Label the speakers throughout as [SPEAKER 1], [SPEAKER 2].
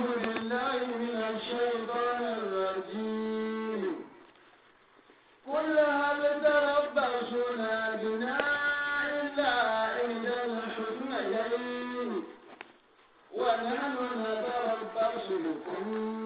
[SPEAKER 1] أعوذ بالله من الشيطان الرجيم قل هل تربصون بنا إلا إحدى الحسنيين ونحن نتربص بكم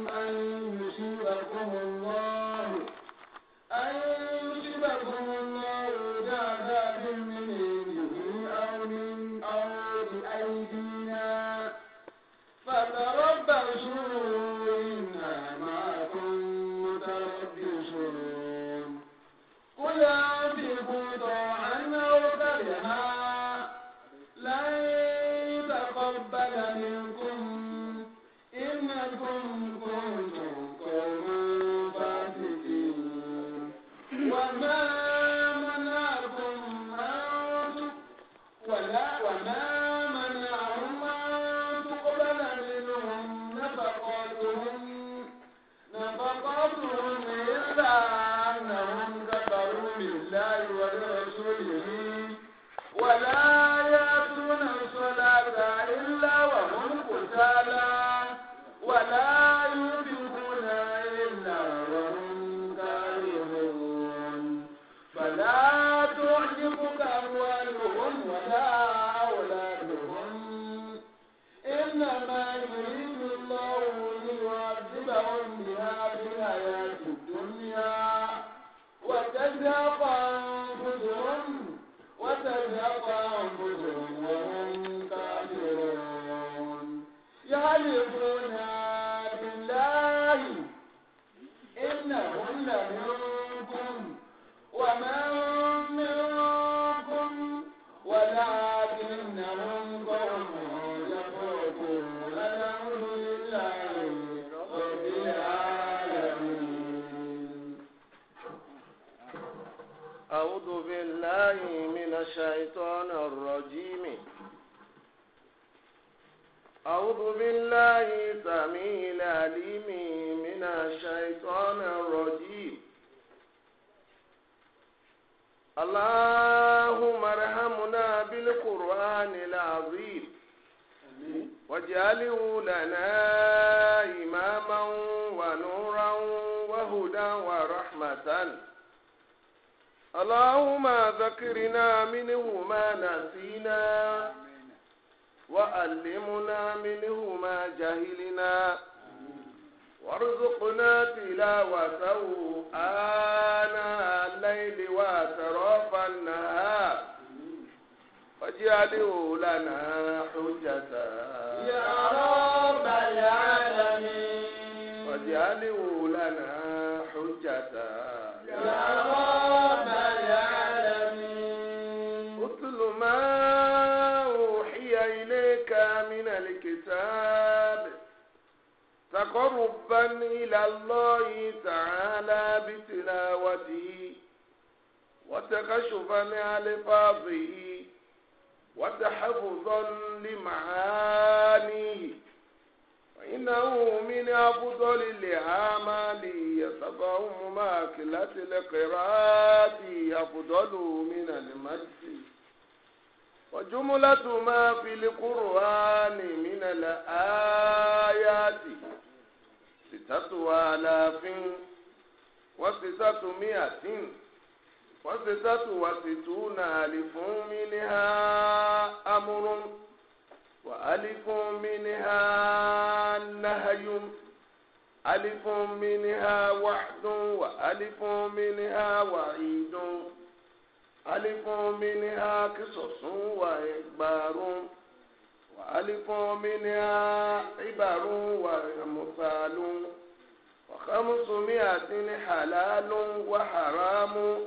[SPEAKER 1] واجعله لنا إماما ونورا وهدى ورحمة اللهم ذكرنا منه ما نسينا وعلمنا منه ما جهلنا وارزقنا تلاوته آناء الليل وأطراف النهار واجعله لنا حجة واجعله لنا يا رب العالمين ما أوحي إليك من الكتاب تقربا إلى الله تعالى بتلاوته وتكشفا عن لفاظه وتحفظا لمعانيه فإنه من أفضل الأعمال يتفهم ماكلة القراءة أفضل من المجد وجملة ما في القرآن من الآيات ستة آلاف وستمائة وستة وستون ألف منها أمر وألف منها نهي ألف منها وعد وألف منها وعيد ألف منها قصص وإخبار وألف منها عبر وأمثال وخمسمائة حلال وحرام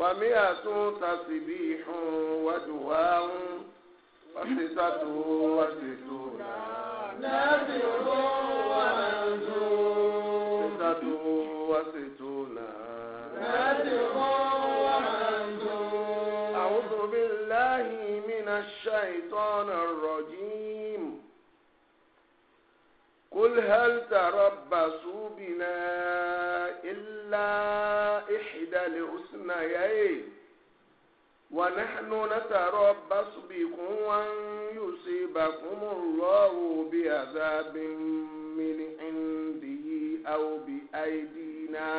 [SPEAKER 1] ومئة تسبيح ودعاء وستة وستون
[SPEAKER 2] نذر ومنذور
[SPEAKER 1] ستة وستون نذر ومنذور أعوذ بالله من الشيطان الرجيم قل هل تربصوا بنا إلا إحدى الحسنيين ونحن نتربص بكم أن يصيبكم الله بعذاب من عنده أو بأيدينا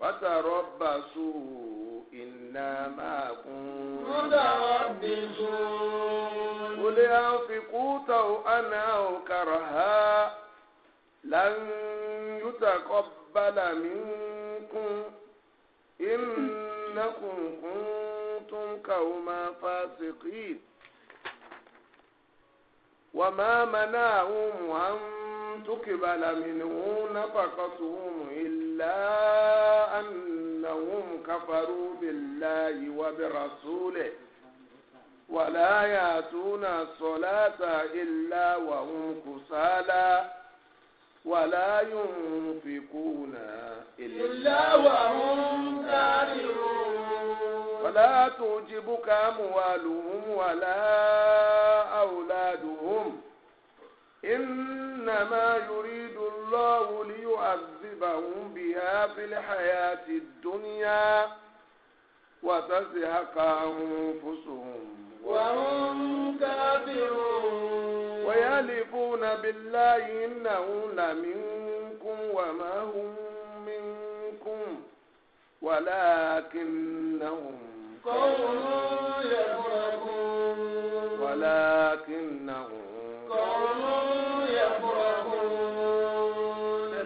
[SPEAKER 1] فتربصوا إنا معكم متربصون لينفقوا طوعا أو كرها لن يتقبل منكم إنكم كنتم قوما فاسقين وما منعهم أن تقبل منهم نفقتهم إلا أنهم كفروا بالله وبرسوله ولا يأتون الصلاة إلا وهم كسالى ولا ينفقون إلا وهم كارهون ولا تعجبك أموالهم ولا أولادهم إنما يريد الله ليعذبهم بها في الحياة الدنيا وتزهق أنفسهم وهم كافرون ويحلفون بالله إنهم لمنكم وما هم منكم ولكنهم قوم يفرقون ولكنهم
[SPEAKER 2] قوم يفرقون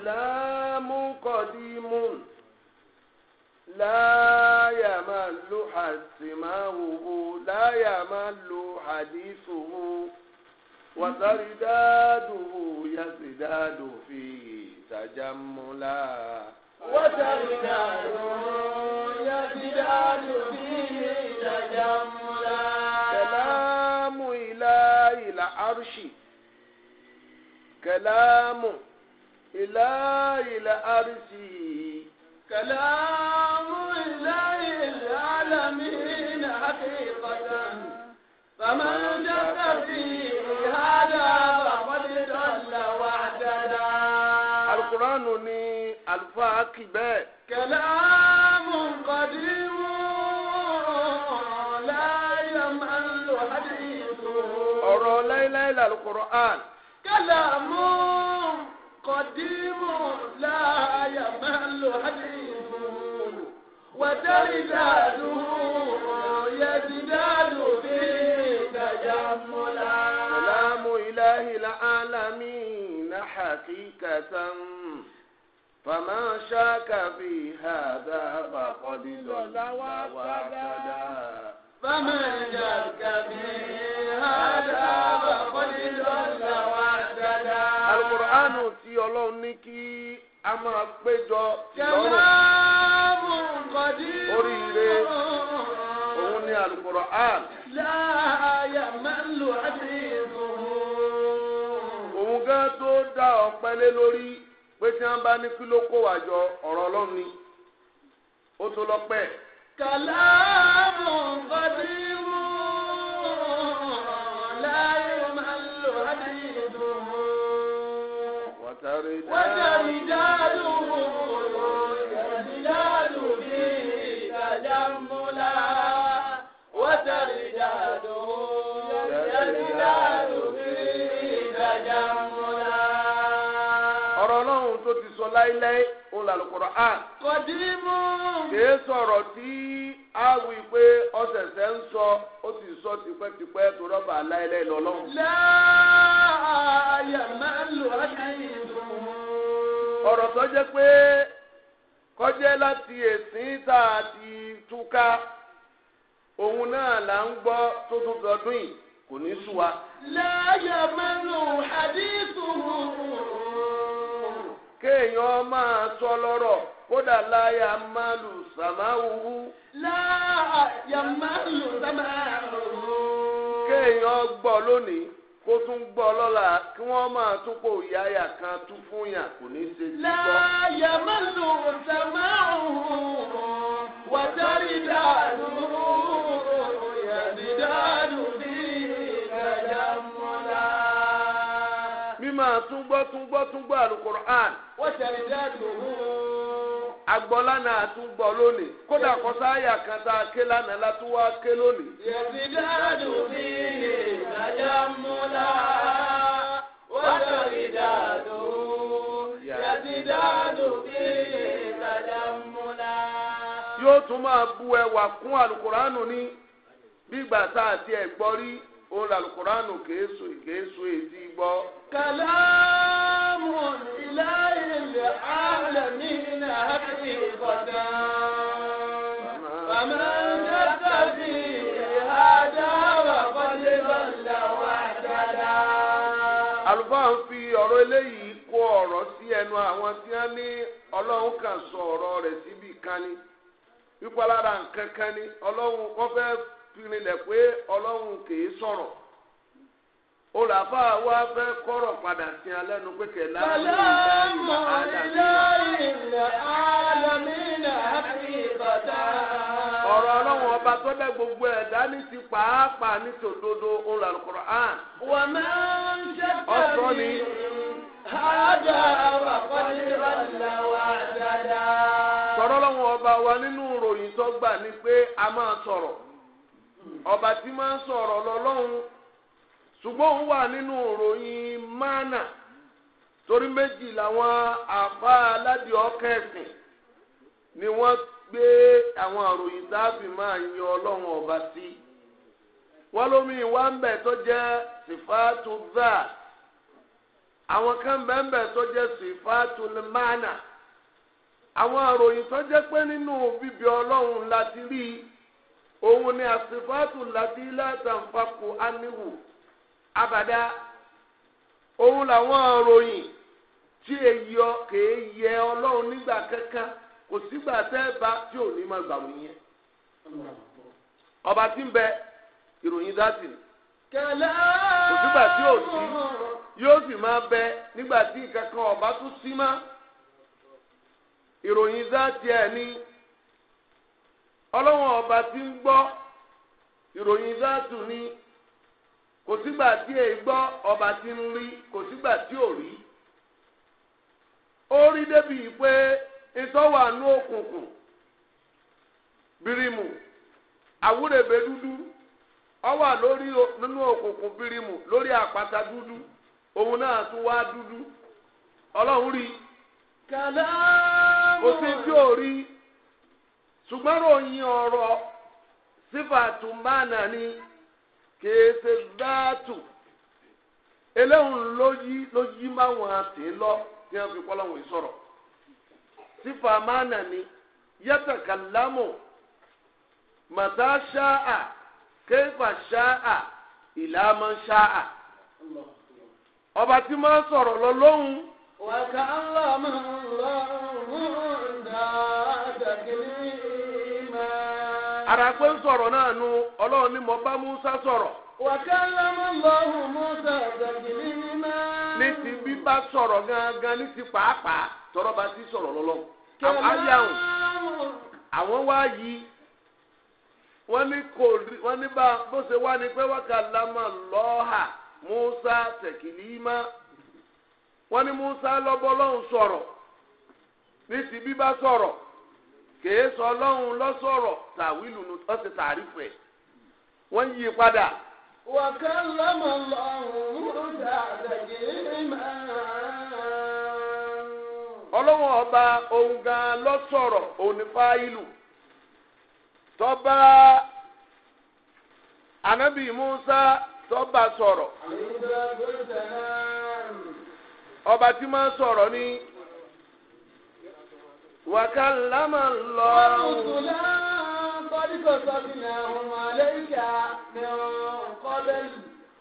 [SPEAKER 1] سلام قديم لا أسماؤه لا يمل حديثه وترداده يزداد فيه تجملا وترداده يزداد فيه تجملا كلام إله العرش كلام إله العرش كلام إله العالمين حقيقة فمن جد فيه هذا فقد ضل واعتدى القرآن ني الفاكبة كلام قديم لا يمل حديثه أرى ليلة القرآن كلام قديم لا يمل حديثه wàtẹ́rìndàdù yẹtìdàdù bí ìdàjàmúlá. sàlámù ilahi alami na hakikatan fama ṣáka fi hàdá fàkọ́dí lọ́la wà kọ́dá. fama ṣáka fi hàdá fàkọ́dí lọ́la wà kọ́dá. alukur'anu tí ọlọ́run ní kí a máa péjọ lọ́rùn oríire òun ni Al-Qur'an. láàyè máa ń lò àti ìfòwò. òun gán tó dá ọpẹ́ lé lórí pé tí wọ́n bá ní kí ló kó wàjọ ọ̀rọ̀ Ọlọ́run ni ó tó lọ́pẹ́. kàlámù kọ́. láíláí ó làlù Qur'an. kìí sọ̀rọ̀ tí a pé ọ̀sẹ̀sẹ̀ ń sọ ó sọ tipẹ́tipẹ́ tó rọ́bà láíláí lọ́lọ́run. láàyè máa ń lò ákàyè ọ̀rọ̀ tó jẹ́ pé kọjá láti èsìn tá a ti túká òun náà là ń gbọ́ tó tún yìí kò ní wa. kéèyàn máa sọ lọ́rọ̀ kódà láyà máa lù sàmáwùú. láyà máa lù sàmáwùú. kéèyàn gbọ́ lónìí kó tún gbọ́ lọ́la kí wọ́n máa tún pò yáyà kan tún fún yàn kò ní ṣe ti láyà máa lù sàmáwùú
[SPEAKER 2] wàjárí dàlú.
[SPEAKER 1] túngbọ́ túngbọ́ túngbọ́ alukur'an. wọ́n ṣẹlẹ̀ dá tòun. agbọ́lá náà túngbọ́ lónìí kódà kọ́sá àyà kan tá a ké lánàá látún wá ké lónìí. yẹ̀sì dáàdù sí ìdájà múlá wọ́n ṣẹlẹ̀ dáàdù yẹ̀sì dáàdù sí ìdájà múlá. yóò tún máa bu ẹwà kún alukur'an ní bí gbàtà àti ẹ̀gbọ́rí. ụlọ alụkụranụ ka eso ka eso ezigbo kalamu ilahi fi ọ̀rọ̀ eléyìí kó ọ̀rọ̀ sí ẹnu àwọn tí wọ́n ní ọlọ́run kan sọ ọ̀rọ̀ rẹ̀ síbi kan ni wípé lára nǹkan kan ni ọlọ́run pinilẹ̀ pé ọlọ́run kìí sọ̀rọ̀ olùfà wa fẹ́ kọ́rọ̀ padà sí alẹ́nu pé kẹlá mọ̀ nílá ìlẹ̀ alámìnà àbíbàdà. ọ̀rọ̀ ọlọ́run ọba tó gbogbo ẹ̀dá ní ti pàápàá ní tòdodo wà á máa ń ṣe dáadáa. sọ̀rọ̀ ọlọ́run ọba wa nínú tó gbà ni pé a máa sọ̀rọ̀. ọba tí máa ń sọ̀rọ̀ lọ́lọ́run ṣùgbọ́n òun wà nínú ìròyìn mánà torí méjì làwọn àpá aládìí ẹ̀sìn ni wọ́n gbé àwọn àròyìn sáàbì máa ń yan ọlọ́run ọba sí wọ́n lómi ìwà ń bẹ̀ tó jẹ́ sìfáàtú záà àwọn kan bẹ́ẹ̀ tó jẹ́ sifatul mana àwọn àròyìn tó jẹ́ pé nínú bíbí ọlọ́run ti rí òun ni àsìfáàtù láti látàǹfàkù áníhù abàdá òun làwọn òròyìn tí èyí ọ kèé yẹ ọlọ́run nígbà kankan kò sígbà tẹ́ tí ò ní máa ọba tí ń bẹ ìròyìn dátì ni kò sígbà tí ò sí yóò sì máa bẹ nígbà tí ọba tún sí ma ìròyìn dátì ẹ ní. ọlọ́wọ́n ọba ti ń gbọ́ ìròyìn dáàtù ni kò sígbà tí ẹ gbọ́ ọba ti ń rí kò sígbà tí ò rí ó rí débi pé ìtọ́wà ní òkùnkùn birimu àwúrẹ̀bẹ̀ dúdú ó wà lórí nínú òkùnkùn birimu lórí àpáta dúdú òun náà tún wá dúdú ọlọ́run rí kò sí tí ò rí. ṣùgbọ́n ròyìn ọ̀rọ̀ sífàtú mánà ni kéèsè dáàtù eléhùn ló yí ló yí máwọn àti lọ tí wọ́n fi kọ́ lọ́wọ́ ìsọ̀rọ̀ sífà mánà ni yàtàkàlámù màtá ṣáà kéèfà ṣáà ìlàmọ́ ṣáà ọba tí máa sọ̀rọ̀ lọ lóhùn. wàkà ńlá mọ̀ ń lọ́rùn dáadáa kìíní. ara pe n sọ̀rọ̀ náà nu ọlọ́run ni mo bá Musa sọ̀rọ̀. wàkàlámù lọ́hùn Musa ọ̀dọ̀gìlì nínú. ní ti bíbá sọ̀rọ̀ gangan ní ti pàápàá tọrọ bá ti sọ̀rọ̀ lọ́lọ́ àwọn wá yí wọ́n ní kò rí wọ́n ní bá bó ṣe wá ni pé Musa tẹ̀kìlímà wọ́n ní Musa lọ́bọ́ ní ti bíbá kèé sọ ọlọ́run lọ́sọ̀rọ̀ tàwílù ọ̀sẹ̀ tààrífù ẹ̀ wọ́n yí padà. wàkàlámà lọ́rùn dàdàgé máa. ọlọ́run ọba ohun gan lọ́sọ̀rọ̀ onífáìlù tọ́ba anabi musa tọ́ba sọ̀rọ̀ ọba tí máa sọ̀rọ̀ ni. وكلم الله رسلا قد قصصناهم عليك من قبل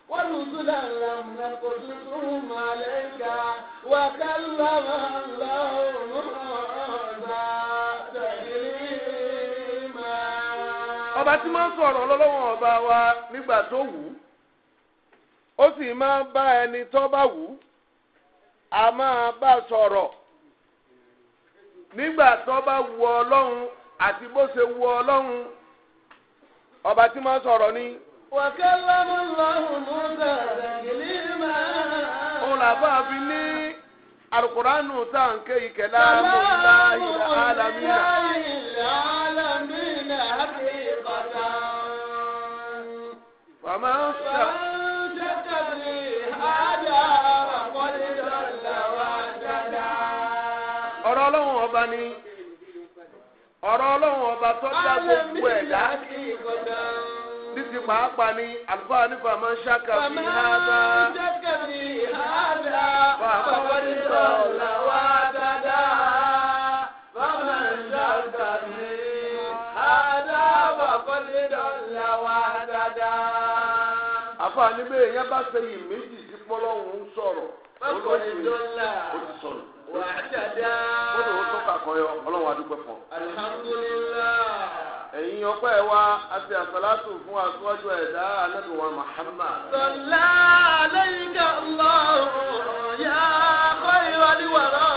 [SPEAKER 1] ورسلا لم نقصصهم عليك وكلم الله موسى تكليما ọba tí máa ń sọ̀rọ̀ lọ́lọ́wọ́n ọba wa nígbà tó wù ú ó sì máa ń bá ẹni tó bá wù ú a máa bá sọ̀rọ̀ nígbà tó bá wu ọlọ́run àti bó ṣe wu ọlọ́run ọba tí máa sọ̀rọ̀ ni. wàkẹ́lámù lọ́hùn mọ́tà tẹ̀lé máa. òun làbá fi ní alukuranu tàǹkẹ́ ìkẹlá mọ̀láyì alámìnà. alámìnà àti
[SPEAKER 2] ìbàdàn. ọba ní
[SPEAKER 1] ọ̀rọ̀ ọlọ́run ọba tó dá gbogbo ẹ̀dá títí pàápàá ni àlùfáà nípa máa ń ṣàkà fi há bá. Bàbá wọ́n ní dáadáa, bàbá níbẹ̀ yẹn bá wà á dàda. wọ́n lòun tó kàkọyọ ọlọ́run adúpẹ́ fún. ẹ̀yin ọpẹ́ wa àti àsàlátù fún aṣáájú ẹ̀dá alẹ́bí wa Muhammad. sọlá alayka Allahu ya kọ́ ìwádìí wà náà.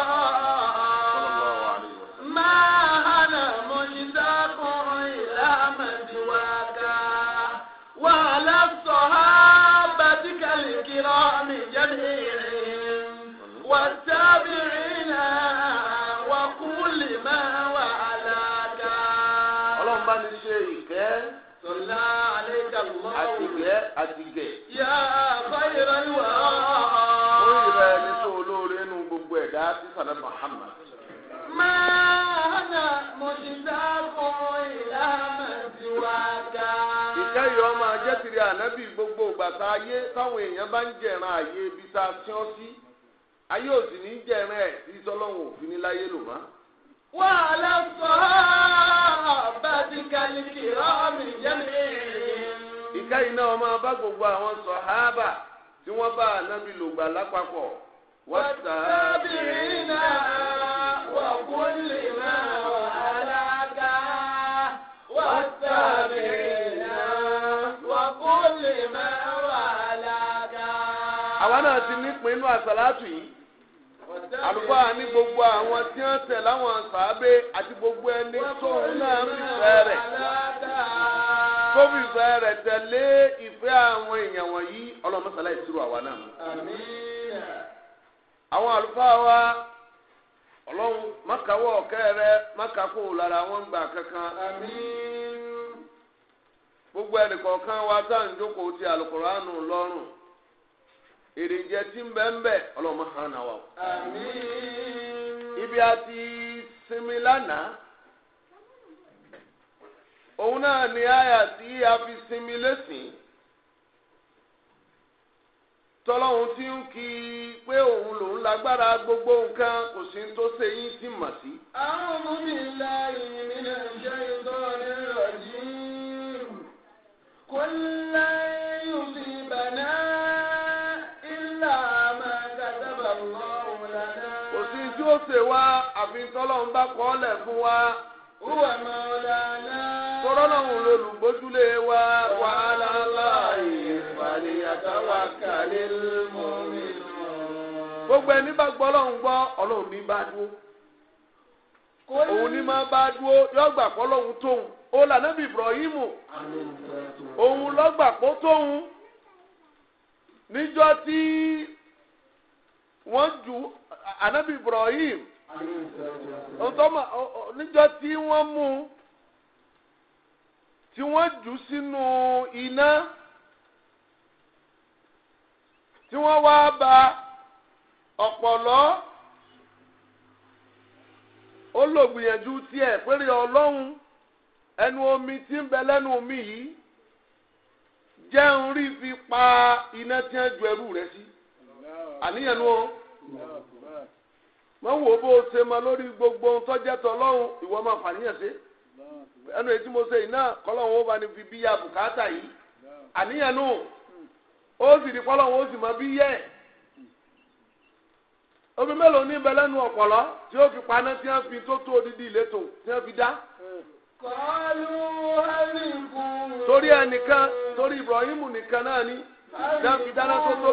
[SPEAKER 1] àtìgẹ́ àtìgẹ́. yà á fáyé rẹ̀ wá. ó yìí rẹ̀ ní sọ olóore nínú gbogbo ẹ̀dá tí sàlẹ̀ Muhammad.
[SPEAKER 2] máa nà mo ti dá
[SPEAKER 1] fún ìlànà tiwájà. ìjẹ́ yìí ọmọ ajẹ́ tiri ànábì gbogbo gbàtà ayé táwọn èèyàn bá ń jẹ̀ràn àyè ibi tá a ti ọ́ sí ayé òsì ní jẹ̀rẹ̀ ẹ̀ tí sọ́lọ́hún òfin ní láyé lò má. wà á lọ sọ ọ́ bá ti kàlìkì rọ́ọ̀mì jẹ́mi ìka iná ọmọ bá gbogbo àwọn sọ̀hábà tí wọ́n bá ànábì lògbà lápapọ̀.
[SPEAKER 2] wàtàbìrin náà wà kúlì náà wà
[SPEAKER 1] alága wàtàbìrin náà wà kúlì náà wà alága. àwa náà ti nípìn inú àsàlátù yìí àlùfáà ní gbogbo àwọn tí wọ́n tẹ̀ láwọn sàábé àti gbogbo ẹni tó ń náà ń fẹ́ rẹ̀. kóbi ìfẹ́ rẹ̀ tẹ̀lé ìfẹ́ àwọn èèyàn wọ̀nyí ọlọ́mọsálá ìṣirò àwa náà. àwọn àlùfáà wa ọlọ́run mákàwọ́ ọ̀kẹ́ rẹ mákàkó lára wọn gbà kankan. gbogbo ẹnìkọ̀ọ̀kan wa tá à ń jókòó ti àlùkòránù lọ́rùn èrèjẹ ti ń ibi sinmi lánàá. òun náà ni àyà tí a fi sinmi lẹ́sìn tọ́lọ́hun tí ń kí pé òun lòun lágbára gbogbo nǹkan kò sí tó ṣe yín sí mà sí. àwọn ọmọ mi la ìrìn náà jẹ́ ìtọ́ ní ìrọ̀jì kò láyé yóò fi ìlà máa kàtàbà lọ́wọ́ lánàá. kò sí tí ó ṣe wá àfi tọ́lọ́hun bá kọ́ ọ́ lẹ̀ fún wa. Huwa maulana. Tọ́rọ́ náà ń lolùgbójúlé wa. Wa ala Allahi falyatawakkalil mu'minun. Gbogbo ẹni bá gbọ́ lọ́hùn gbọ́, ọlọ́run ní bá dúró. Òun ní máa bá dúró, yọ̀gbà kọ́ lọ́hùn tóun. Ó là nábì Ibrahimu. Òun lọ́gbà kó tóun. Níjọ́ tí wọ́n ju ànábì Ibrahim ọtọ́mọ níjọ́ tí wọ́n mú tí wọ́n jù sínú iná tí wọ́n wá ba ọ̀pọ̀lọ́ ó lò gbìyànjú tiẹ̀ péré ọlọ́run ẹnu omi tí ń bẹ lẹ́nu omi yìí jẹun rí fi pa iná tí wọ́n ju ẹrú rẹ̀ sí àníyànú o. ma wo bó o ṣe ma lórí gbogbo ohun tọ́jẹ́ tọ́ lọ́hùn ìwọ máa fàníyàn ẹnu èyí mo ṣe yìí náà kọ́lọ́hún ó bá ní fi bí ya bùkátà yìí àníyàn nù ó sì di kọ́lọ́hún ó sì máa bí yẹ omi mélòó ní ibẹ̀ lẹ́nu ọ̀pọ̀lọ́ tí ó fi paná tí fi tó tó odidi ìletò tí fi dá. torí ẹnìkan torí Ibrahim nìkan náà ni fi dáná tó tó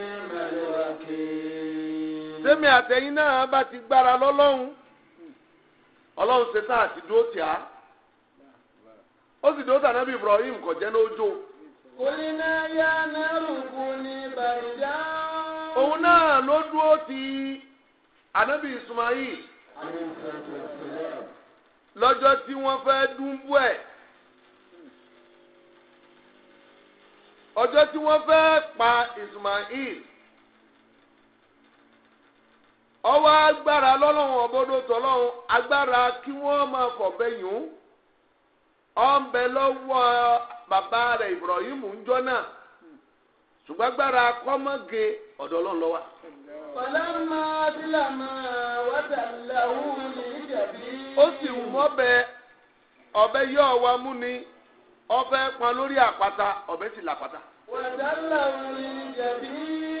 [SPEAKER 1] sẹ́mi àtẹ̀yìn náà bá ti gbára lọ́lọ́run ọlọ́run ṣe tá àti dúró tì ó sì dúró tàná bí Ibrahim kò jẹ́ lójó. kòlínà yá nárùkù ní bàjá. òun náà ló dúró ti ànábì Ismail lọ́jọ́ tí wọ́n fẹ́ dúnbú ẹ̀. ọjọ́ tí wọ́n fẹ́ pa Ismail. ọwọ́ agbára lọ́lọ́run ọ̀bọ́dọ̀ tọ́lọ́run agbára kí wọ́n máa fọ̀bẹ́yìn ọ̀nbẹ lọ́wọ́ bàbá rẹ̀ Ibrahim jọ náà ṣùgbọ́n agbára kọ́mọ́ge ọ̀dọ̀ ọlọ́run lọ́wọ́. ìjàbí. ó sì wù mọ́bẹ yọ pọn lórí àpáta sì làpáta.
[SPEAKER 2] ìjàbí.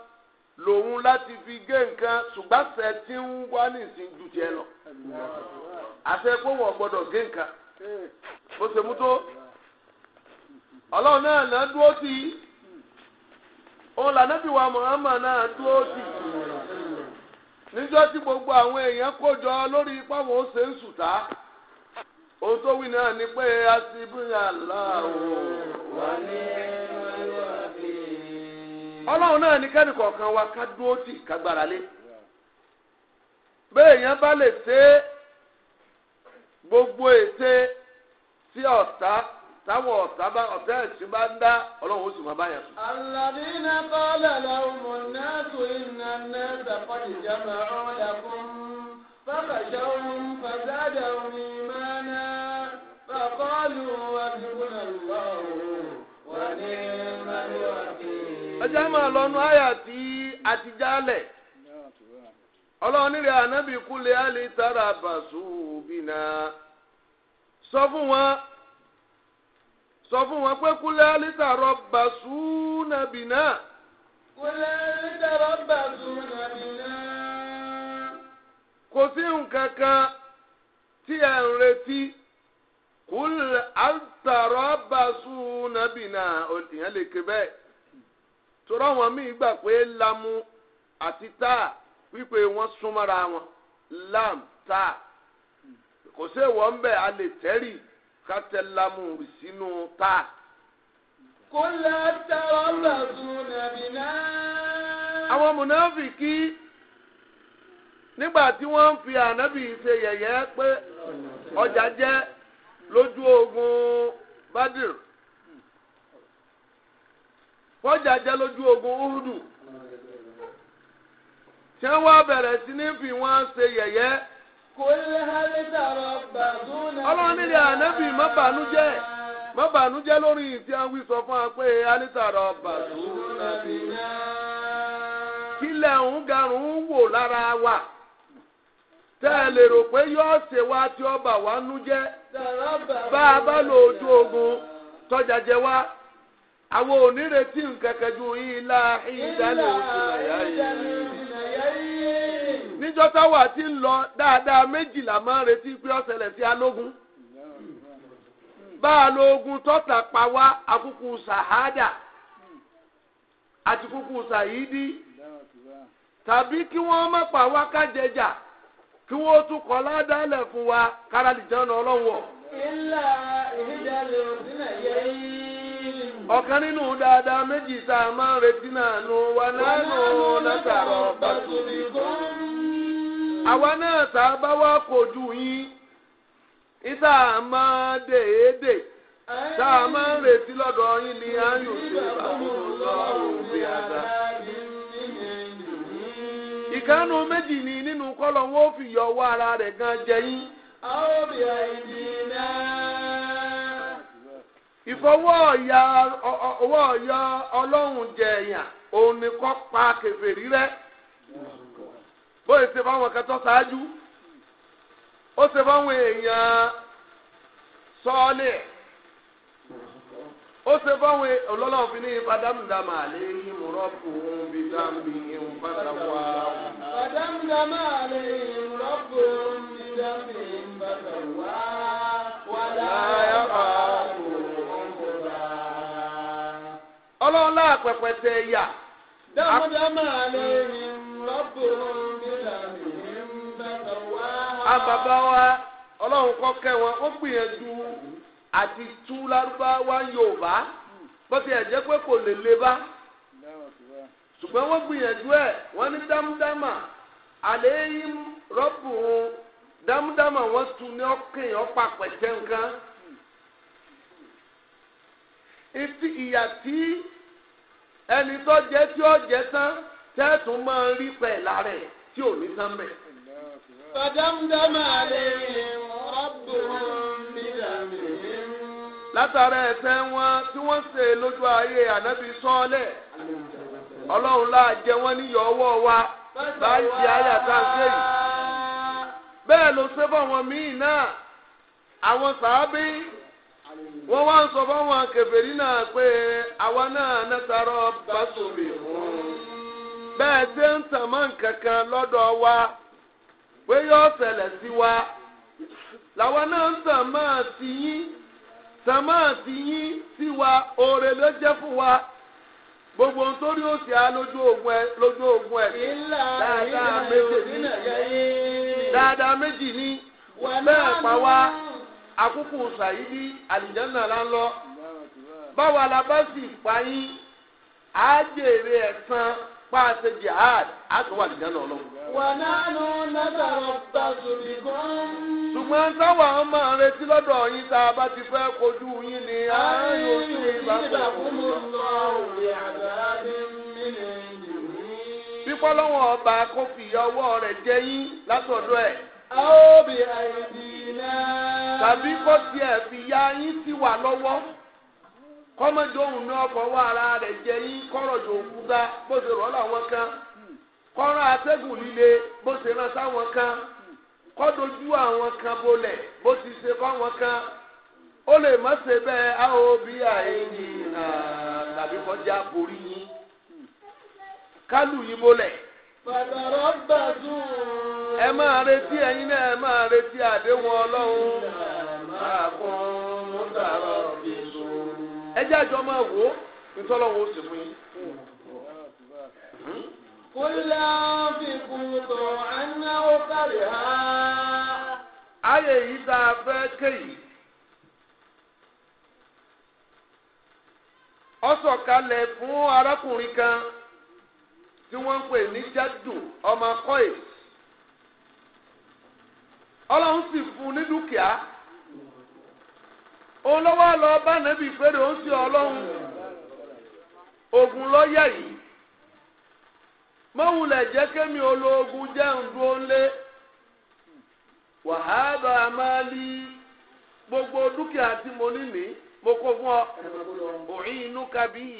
[SPEAKER 1] lòun láti fi gé nǹkan ṣùgbọ́n àṣẹ tí ń wá ní ju lọ. àṣẹ gbọ́dọ̀ gé nǹkan bó ṣe tó. ọlọ́run náà náà dúró tì òun wa náà dúró tì í. níjọ́ gbogbo àwọn èèyàn lórí ipá wọn ó ṣe ń ohun tó wí ọlọ́run náà ní kẹ́nì kọ̀ọ̀kan wa ká dúró tì ká gbára lé bẹ́ẹ̀ yẹn bá lè ṣe gbogbo ète tí ọ̀tá táwọn ọ̀tá bá ọ̀tá ẹ̀sìn bá ń dá ọlọ́run oṣù máa bá yẹn sùn. àlàbí iná bá lọ́la ọmọ náà tó iná náà sàpọ̀ ìjàmbá ọ̀la fún
[SPEAKER 2] bàbá ṣẹ́wọ́n fàdáàdà omi máa ná
[SPEAKER 1] fàkọ́ọ̀lù wàdúgbò náà lọ́wọ́ wà ní mẹ́rin wà ní
[SPEAKER 2] ẹjẹ́ máa lọ́nu àyà
[SPEAKER 1] tí a ti jálẹ̀ ọlọ́run nílẹ̀ ànábì kúlẹ̀ àlè tààrà bàṣù bìnà sọ fún wọn sọ fún wọn pé kúlẹ̀ àlè tààrà bàṣù nàbìnà. kúlẹ̀ àlè tààrà bàṣù nàbìnà. kò sí nǹkan kan tí ẹ̀ ń retí kúlẹ̀ àlè tààrà bàṣù nàbìnà ìyẹn lè ké bẹ́ẹ̀. torí àwọn míì gbà pé lamu àti táà wípé wọn súnmọ́ra wọn lam táà kò sí èèwọ̀ ń a lè tẹ́rì ká tẹ lamu sínú táà. kó lè tẹ̀rọ lọ́sùn nàbì náà. àwọn mùnáfìkì nígbà tí wọn ń fi ànábì ṣe yẹ̀yẹ́ pé ọjà jẹ lójú ogun Badr. wọ́n jàjẹ́ lójú ogun urudu tí wọ́n bẹ̀rẹ̀ sí ní fi wọ́n ṣe yẹ̀yẹ́. ọlọ́run nílẹ̀ ànábì má bànújẹ́ má bànújẹ́ lórí ìtí àwọn wí fún wa pé ń wò lára wa tẹ́ ẹ lè rò pé yóò àwọn ò ní retí nǹkan ju ilá ìdálẹ̀ òṣùnà yìí. táwa ti ń lọ dáadáa méjìlá máa ń retí pé ọ̀sẹ̀lẹ̀ sí alógún. bá a lo ogun tọ́ta pa wá akúkú sàhádà àti kúkú sàyídì tàbí kí wọ́n má pa wá kájẹjà kí wọ́n tún kọ́ ládàálẹ̀ fún wa ọ̀kan nínú dáadáa méjì tá a máa retí náà nu wa náà nù látàrọ̀ bàtúbí kún. àwa náà tá a bá wá kojú yín ìta máa dèédè tá a máa retí lọ́dọ̀ yín ni a yóò ṣe àbúrò lọ́rùn bí nínú kọ́lọ̀ fi rẹ̀ gan jẹ yín. àwọn ìfọwọ́ ọ̀yà ọwọ́ ọ̀yà ọlọ́run jẹ̀yàn òun ni kọ́ pa kèfèrí rẹ́ bóyá ṣe fáwọn kẹtọ́ ṣáájú ó ṣe fáwọn èèyàn sọ́ọ́lẹ̀ ó ṣe fáwọn ọlọ́lọ́run fi ní ìfadàmùdàmà lé ìmúrọ́pù ohun bíi dáàmì ìhun pátákó ara. ìfadàmùdàmà lé ìmúrọ́pù ohun bíi dáàmì ìhun pátákó ara. lọ́la pẹ̀pẹ̀tẹ̀ ya
[SPEAKER 2] dámúdámà
[SPEAKER 1] wa. a bàbá wa ọlọ́run kọ́ kẹ́ ó gbìyànjú àti tú lárúbáwá yorùbá bó ti ẹ̀ pé kò lè le bá ṣùgbọ́n wọ́n gbìyànjú ẹ̀ wọ́n ní dámúdámà àléyìn rọ́bù dámúdámà wọ́n tu ní ọkàn ọ̀pá nǹkan. ìyà tí ẹni tó jẹ tí ó jẹ tán tẹ́tùn máa rí pẹ̀ lára ẹ̀ tí ò ní tán bẹ̀. fàdámdámà lè rọ́bùn bídàmì. látara ẹ̀ṣẹ̀ wọn tí wọ́n ṣe lójú ayé ànábì sọ́ọ́lẹ̀ ọlọ́run láà jẹ wọ́n níyọ̀ ọwọ́ wa báyìí di àyà tá a ṣe yìí. bẹ́ẹ̀ ló ṣe fún àwọn míì náà àwọn sàábí wọ́n wá ń sọ fáwọn kèfèrí náà pé àwa náà nẹ́tàrọ́ bá tóbi fún. bẹ́ẹ̀ dé ń tàn mọ́ nkankan lọ́dọ̀ wa pé yóò ṣẹlẹ̀ sí wa làwa náà ń tàn máa ti yín tàn máa yín sí wa oore ló jẹ́ fún wa gbogbo ohun òsì á lójú ogun ẹ lójú ogun ẹ dáadáa méjì ní dáadáa méjì ní bẹ́ẹ̀ pa wá àkókò sàyídì àlìjánà là ń lọ báwa la bá sì pa yín á jèrè ẹ̀san paase jihad ato wa alijan lọlọ. wànánú nàzàrọ̀ bàtùbí gan. ṣùgbọ́n táwa máa retí lọ́dọ̀ yín tá a bá ti fẹ́ kojú yín ni a yóò ṣe ìbáṣepọ̀. bí pọ́lọ́wọ́n ọba kò fi ọwọ́ rẹ̀ jẹ yín látọ̀dọ̀ ẹ̀ ó bí àìdí náà. tàbí kó tiẹ̀ fi ya yín sí wa lọ́wọ́ kọ́mọdé òun náà fọwọ́ ara rẹ̀ jẹ yín kọ́rọ̀jò òkúta bó ṣe rọ́ làwọn kan kọ́rọ̀ atẹ́gùn líle bó ṣe rán sáwọn kan kọ́dojú àwọn kan bolẹ̀ bó ti ṣe fáwọn kan ó lè má ṣe bẹ́ẹ̀ á ó bí àìdí náà tàbí kọjá borí yín kálù yín bolẹ̀. ẹ máa retí ẹ̀yin náà ẹ máa retí àdéhùn ọlọ́run. ẹ jẹ́ àjọ máa wò ó sì fún yín. kúlẹ̀ tó ó kárí ha. ayé yìí tá a fẹ́ kan. tí wọ́n ń pè ní jádù ọmọ kọ́ì ọlọ́run sì fún un ní dúkìá òun lọ́wọ́ lọ bá nẹ́bí ìfẹ́rẹ́ òun sí ọlọ́run ogun lọ́yà yìí mọ́wùlẹ̀ jẹ́ kémi ológun jẹ́ ǹdúró wàhálà máa gbogbo dúkìá tí mo ní ní mo kó fún ọ òun inú kábíyì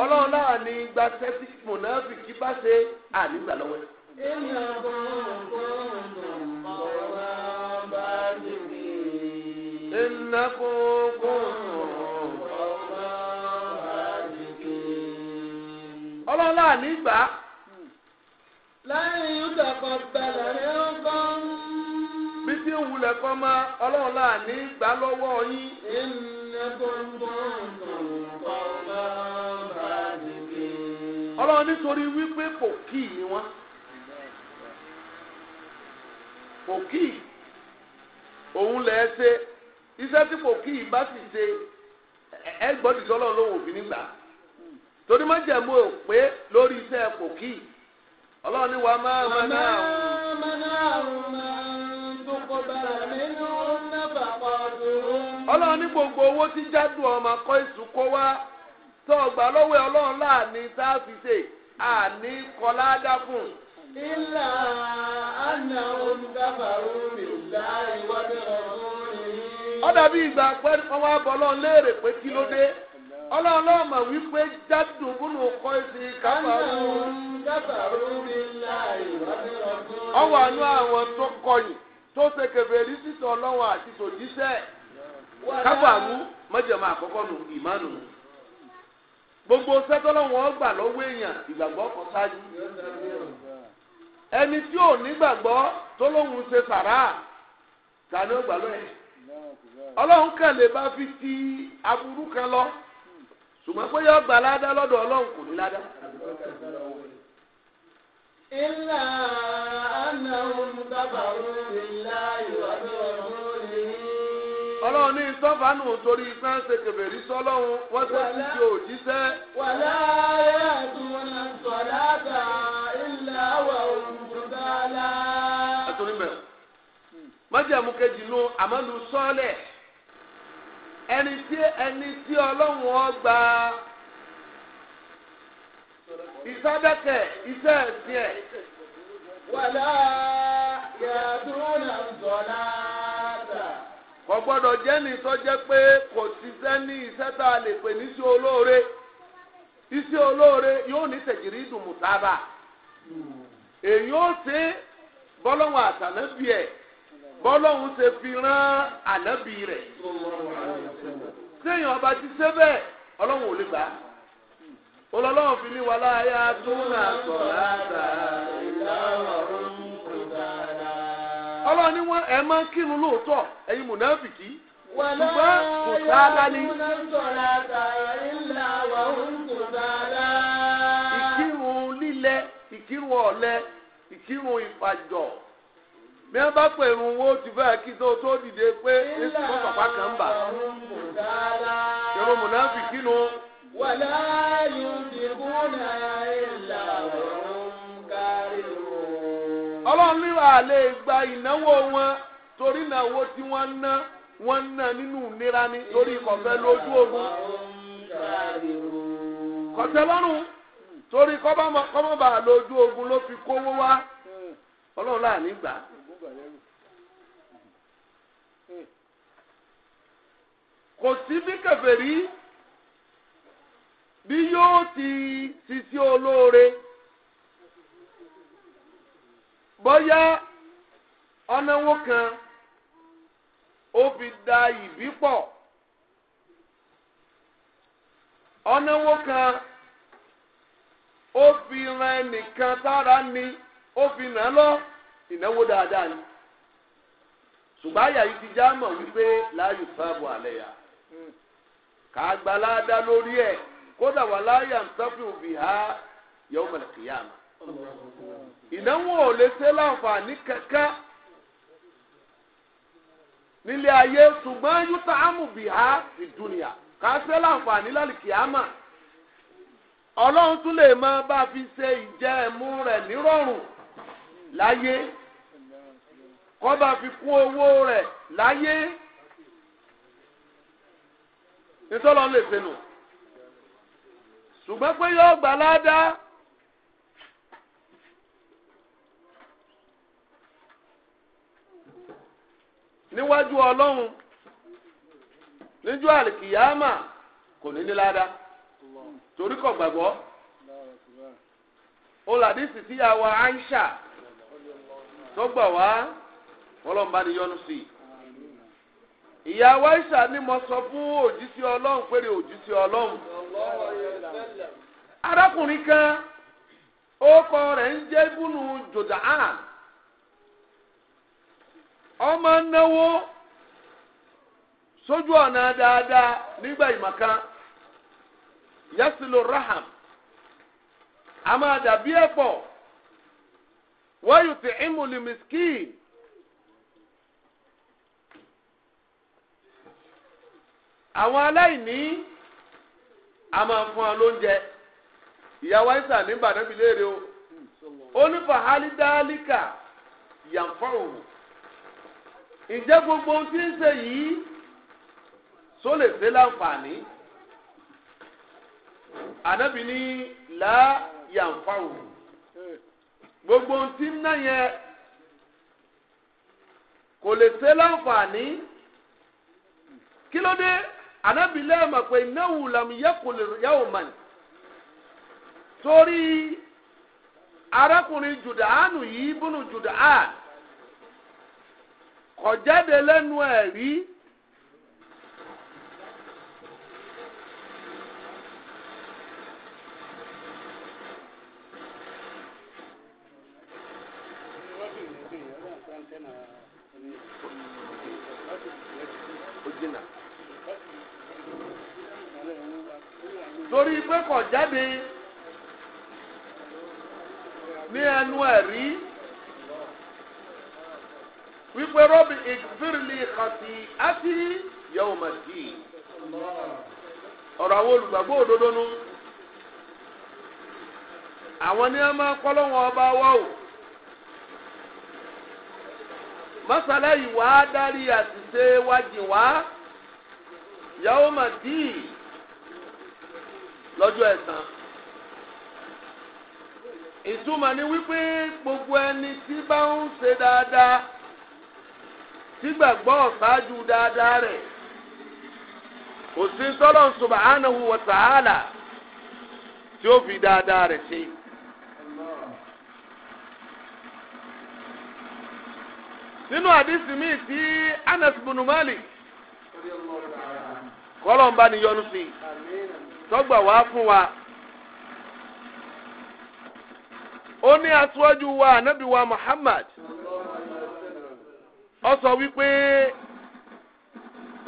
[SPEAKER 1] ọlọ́run náà ní gba sẹ́tí mọ̀nàfì kí bá ṣe ànígbà lọ́wọ́ ẹ̀.
[SPEAKER 2] Iná kúnkún
[SPEAKER 1] ọlọ́run náà ní gbà. Láyé yóò dàpọ̀ gbàlà ní ọgbọ́n. Bí tí ń wulẹ̀ kọ́ máa ọlọ́run náà ní gbà lọ́wọ́ yín. ọlọ́run nítorí wípé pòkì ni wọ́n òun lẹ̀ ẹ́ ṣe iṣẹ́ tí bá sì ṣe ẹ gbọ́dọ̀ sọ́lọ́ lóhùn nígbà torí má jẹ́ lórí iṣẹ́ ọlọ́run ní gbogbo owó tí jádùn ọmọ kọ́ ìsù wá tó ọgbà lọ́wọ́ ọlọ́run láàní tá a ṣe àní kọlá dákùn. ilà àná olùdábàrú mi láì wọlé ọ̀run dàbí ìgbà pẹ́ wọ́n wá bọ́ léèrè pé kí ló dé ọlọ́run náà mọ̀ wípé jádùn kọ́ mi kábàámú mọ́jọ̀mọ́ àkọ́kọ́ nù ìmánu nù gbogbo sẹ́tọ́lọ́wọ́n ọgbà lọ́wọ́ èèyàn ìgbàgbọ́ kan ṣáájú ẹni tí ò nígbàgbọ́ tó lóun ṣe sàrà tani ó gbà ọlọ́run kàn lè bá fi ti aburú kan lọ ṣùgbọ́n pé yọ gbà ládá lọ́dọ̀ ọlọ́run kò ní ládá. ọlọ́run ní sọ́fàánù torí pé ń ṣe sọ́lọ́run wọ́n ṣe ti ṣe òjíṣẹ́. wàlá ayé àtúwọ̀n sọ̀rọ̀ àgbà ilẹ̀ àwọ̀ òǹdùdàlà. àtúrí bẹ̀rẹ̀ májàmú kejì nu sọ́ọ̀lẹ̀ ẹni tí ẹni tí ọlọ́run iṣẹ́ ẹ̀sìn ẹ̀. wàlá ọgbọdọ gbọ́dọ̀ jẹ́ nìtọ́ pé kò ní iṣẹ́ tá a lè pè ní iṣẹ́ olóore iṣẹ́ olóore yóò ní èyí ó ṣe àtànábì ẹ̀ ṣe fi rán ànábì rẹ̀ séèyàn ọba ti ṣe bẹ́ẹ̀ ò lè gbà fi ọlọ́run ni wọ́n ẹ máa ń kírun lóòótọ́ ẹ̀yin mùnáfìkì ṣùgbọ́n kò sáadá
[SPEAKER 2] ìkírun
[SPEAKER 1] lílẹ̀ ìkírun ọ̀lẹ ìkírun bí bá ti kí tó tó dìde pé èsì fún kan bà. wàlá ọlọ́run ní wàá lè gba ìnáwó wọn torí ìnáwó tí wọ́n ná wọ́n ná nínú ìnira ni torí kọ̀fẹ́ lójú ogun kọ̀tẹ́ lọ́rùn torí kọ́mọ́bà lójú ogun ló fi kówó wá ọlọ́run láàánú gbà ti sisi olóore. bóyá ọ̀nàwó kan ó fi da ìbí pọ̀ ọ̀nàwó kan ó fi ran ẹnìkan tára ni ó fi nà lọ ìnáwó dáadáa ni ṣùgbọ́n àyà yìí ti já mọ̀ wípé láàyò sáàbù àlẹ́ yà kà á gbalá dá lórí ẹ̀ kódà wà láyà ń òbí ha ìnáwó ò lè ṣe láǹfààní kankan nílé ayé ṣùgbọ́n yúta amúbìhá ìdúnìyà ká ṣe láǹfààní lálìkìyàmà ọlọ́run tún lè máa bá fi ṣe ìjẹ ẹ̀mú rẹ̀ nírọ̀rùn láyé kọ́ bá fi kún owó rẹ̀ láyé nítorí ọlọ́run lè ṣe nù ṣùgbọ́n pé yóò gbà ládàá. níwájú ọlọ́run níjọ́ àlìkìyàmà kò ní ní ládàá torí kò gbàgbọ́ olùdíṣì síyàwó Aisha tó gbà wá ọlọ́run bá ní yọ́nú sí i ìyàwó Aisha ni mo sọ fún òjíṣẹ́ ọlọ́run péré òjíṣẹ́ ọlọ́run arákùnrin kan ó kọ rẹ̀ ń jẹ́ ibùnú ọmọ náwó sójú ọ̀nà dáadáa nígbà ìmọ̀kan yasilu raham a máa dàbí ẹ̀pọ̀ wọ́n yóò ti ìmùlì miskin. àwọn aláìní a máa fún wọn lóúnjẹ ìyàwó àìsàn nígbà náà fi léèrè o dáálíkà ǹjẹ́ gbogbo ohun tí ń ṣe yìí só lè ṣe láǹfààní ànábì ní là gbogbo ohun tí ń ná yẹn kò lè ṣe láǹfààní kí ló dé ànábì lẹ́ẹ̀mọ̀ pé náwó làmúyẹ́kùlẹ̀ yàwó mọ̀ni torí arákùnrin jùdáánù yìí bùnú jùdáánù. kọjáde lẹ́nu ẹ̀ rí khati'ati yawm al-din ọ̀rọ̀ àwọn olùgbàgbọ́ òdodo nu àwọn ní a máa kọ́ lọ́wọ́ ọba wa o masala yìí wá dárí àṣìṣe wá jìn wá yawm al-din lọ́jọ́ ẹ̀san ìtumọ̀ ni wípé gbogbo ẹni tí bá ń ṣe dáadáa. sígbàgbọ́ ọ̀sáájú dáadáa rẹ̀ kò sí tọ́lọ̀ subhanahu wa ta'ala tí ó fi dáadáa rẹ̀ ṣe. nínú àdísì míì tí Anas bin Malik
[SPEAKER 2] kọlọmba ni yọnu sí
[SPEAKER 1] tọgbà wá fún wa ó ní wa anabi wa Muhammad. Amen. ọ sọ wípé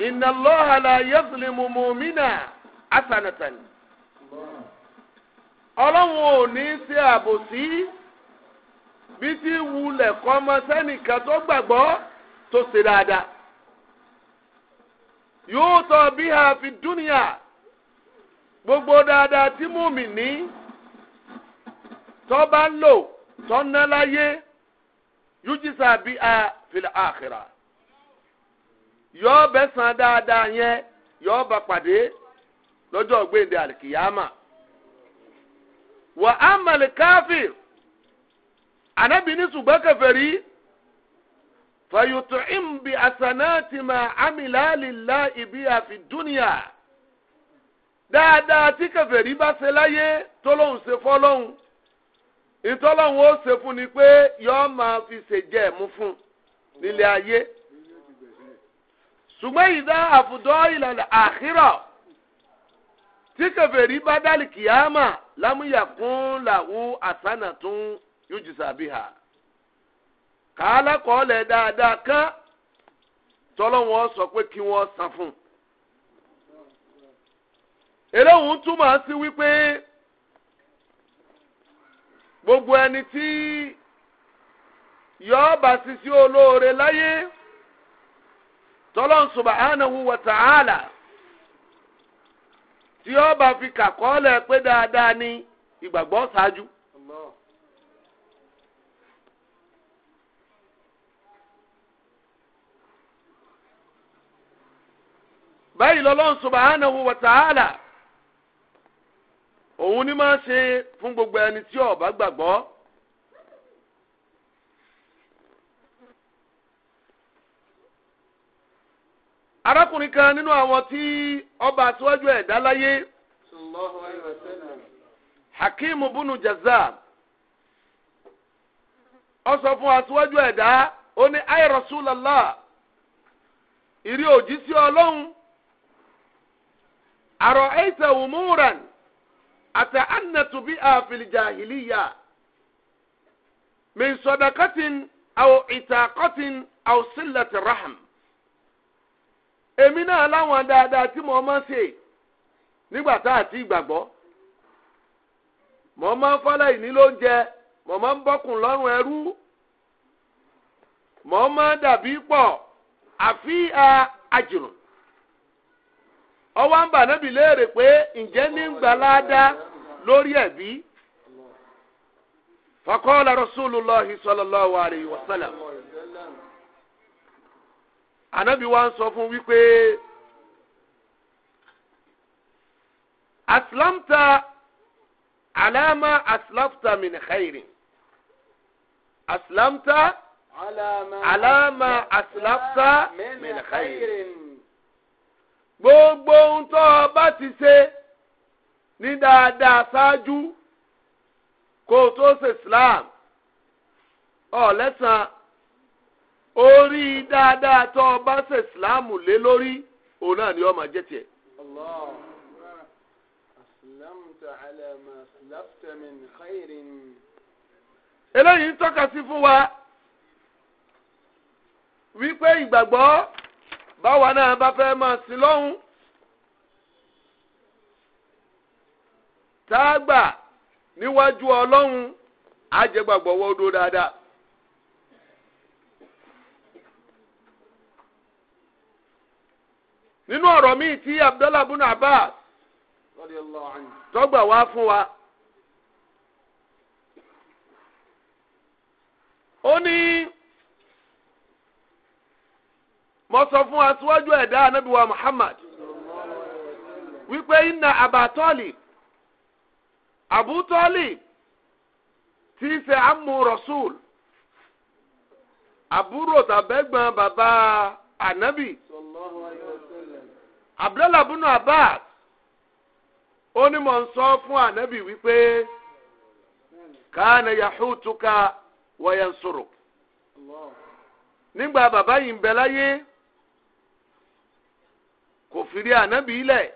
[SPEAKER 1] inna Allaha la yazlimu mu'mina asanatan ọlọ́run ò ní ṣe sí bí tí wulẹ̀ kọ́ ọmọ sẹ́nìkan tó gbàgbọ́ tó ṣe dáadáa yóò tọ́ bí a fi dúnìyà gbogbo dáadáa tí mùmí ní tó bá ń lò tó ń ná láyé yújísà bí a. fil àkhírà yọọ bẹ san dáadáa yẹn yọọ bá pàdé lọ́jọ́ gbẹ̀ndẹ̀ alikiyama wà á màlì káfíìr ànábì ní ṣùgbọ́n kèfèrí fàyòtò ìmbì àsànáàtì mà àmìlà ibi ìbí àfi dáadáa tí kèfèrí bá se láyé tó lóun ṣe fọ́lọ́hún ó fún nílé ayé ṣùgbọ́n ìdá àfùdọ́ ìlànà àkírọ̀ tí kèfèrí bá dálì kìámà lámúyàkún làwọn àsánà tún yóò jù sàbí ha kàálà kọ́ọ̀lẹ̀ dáadáa kán tọ́lọ́wọ́n sọ pé kí wọ́n san fún un. eléwọ̀n túmọ̀ sí wípé gbogbo ẹni tí yọọ bá sisi olóore láyé tọ́lọ́n subhanahu wa wataala tí yọọ bá fi kàkọ́ọ́lẹ̀ pé dáadáa ní ìgbàgbọ́ ṣáájú. báyìí lọ́lọ́n subhanahu wa ta'ala òun ni máa ṣe fún gbogbo ẹni tí ọba bá gbàgbọ́. arákùnrin kan nínú àwọn tí ọba àtiwájú ẹ̀dá láyé hakeem bunu jaza ó sọ fún àtiwájú ẹ̀dá ó ní ayé rasulallah ìrí òjíṣẹ́ ọlọ́run àrò ẹ̀sẹ̀ umuran àti anatu bí àfìlìjàhìlìyà min sọdakatin aw ìtàkọ́tin aw sílẹ̀tì raham. èmi náà láwọn dáadáa tí mo máa ṣe nígbà tá àti ìgbàgbọ́ mo máa ń fọ́lá ìní lóúnjẹ mo máa ń bọ́kùn lọ́rùn ẹrú mo máa ń dàbí pọ̀ àfi àjùrùn ọwọ́ ń bà níbi léèrè pé ǹjẹ́ ní lórí ẹ̀bí sallallahu alayhi wa sallam. anabi wa ń sọ fún wípé aslamta alama aslafta min khairin aslamta alama aslafta min khairin gbogbo ohun tó o bá ti ṣe ní dáadáa ṣáájú kó tó ṣe islam ọ̀ lẹ́sàn orí dáadáa tó o bá ṣe ìsìláàmù lé lórí òun náà ni ọ máa eléyìí ń tọ́ka sí fún wa wípé ìgbàgbọ́ báwa náà bá fẹ́ máa sin lọ́hùn. tá a gbà níwájú nínú ọ̀rọ̀ míì tí abdullahi ibn abbas tọ́gbà wá fún wa. ó ní mo sọ fún aṣíwájú ẹ̀dá anábìwá muhammad wípé inna abatọ́lì abutọ́lì tí í ṣe amú rasul àbúrò tàbẹ́gbọ̀n bàbá anabi abdullahi bunu abbas ó ní mò ń sọ fún ànábì wípé kana yahutuka wa yansuruk nígbà bàbá yìí ń bẹ láyé kò fìrí ànábì ilẹ̀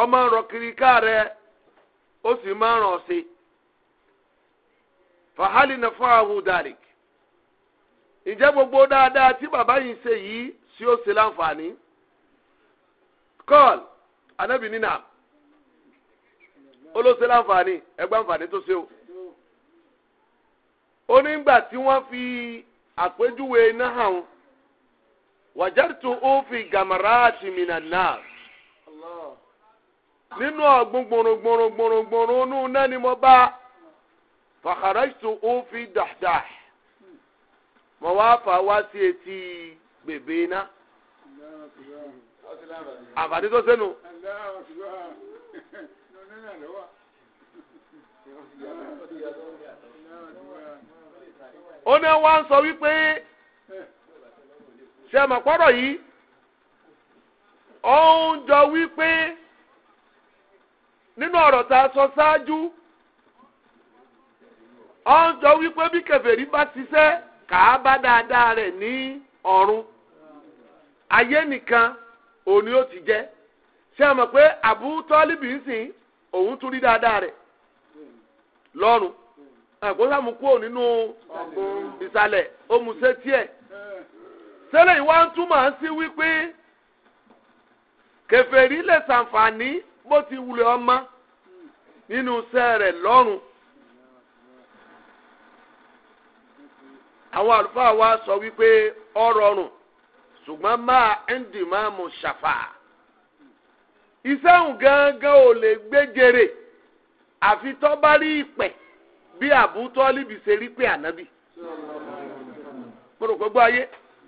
[SPEAKER 1] ọmọ ń rọ kiri ká rẹ ó sì máa ń ràn sí fàhálì náà fún àwọn ǹjẹ́ gbogbo dáadáa tí bàbá yìí ń ṣe yìí sí ó ṣe láǹfààní. kọ́ọ̀l anábì nínà olóṣè láǹfààní ẹgbẹ́ àǹfààní tó ṣe o. ó tí wọ́n fi àpéjúwe iná hàn tu ó fi gamaara mìíràn náà nínú ọ̀gbun gbòrògbòrògbòrògbòrò inú náà ni mo bá fàkàràtù ó fi dàdà ma wá fà wá sí etí bèbè àǹfààní tó sẹ́nu. ó ní wá ń sọ wípé ṣe àmọ̀pọ̀rọ̀ yìí ó ń jọ wípé nínú ọ̀rọ̀ tá a sọ ṣáájú ó ń jọ wípé bí kèfèrí bá ṣiṣẹ́ kà á bá dáadáa rẹ̀ ní ọ̀run ayé nìkan. òun ni ó ti jẹ́ ṣé ẹ mọ̀ pé àbú tọ́líbì ń sìn òun tún rí dáadáa rẹ̀ lọ́rùn àgbọ̀nsá mu kúrò nínú ìsàlẹ̀ ó sẹ́lẹ̀ ìwà ń ń sí wípé wa sọ wípé ọrọ ọ̀rùn sugbọn maa ndi maa mu safa ise gangan o le gbegere afi tọbari ipẹ bi abutọli bi se ri pe anabi koro gbogbo aye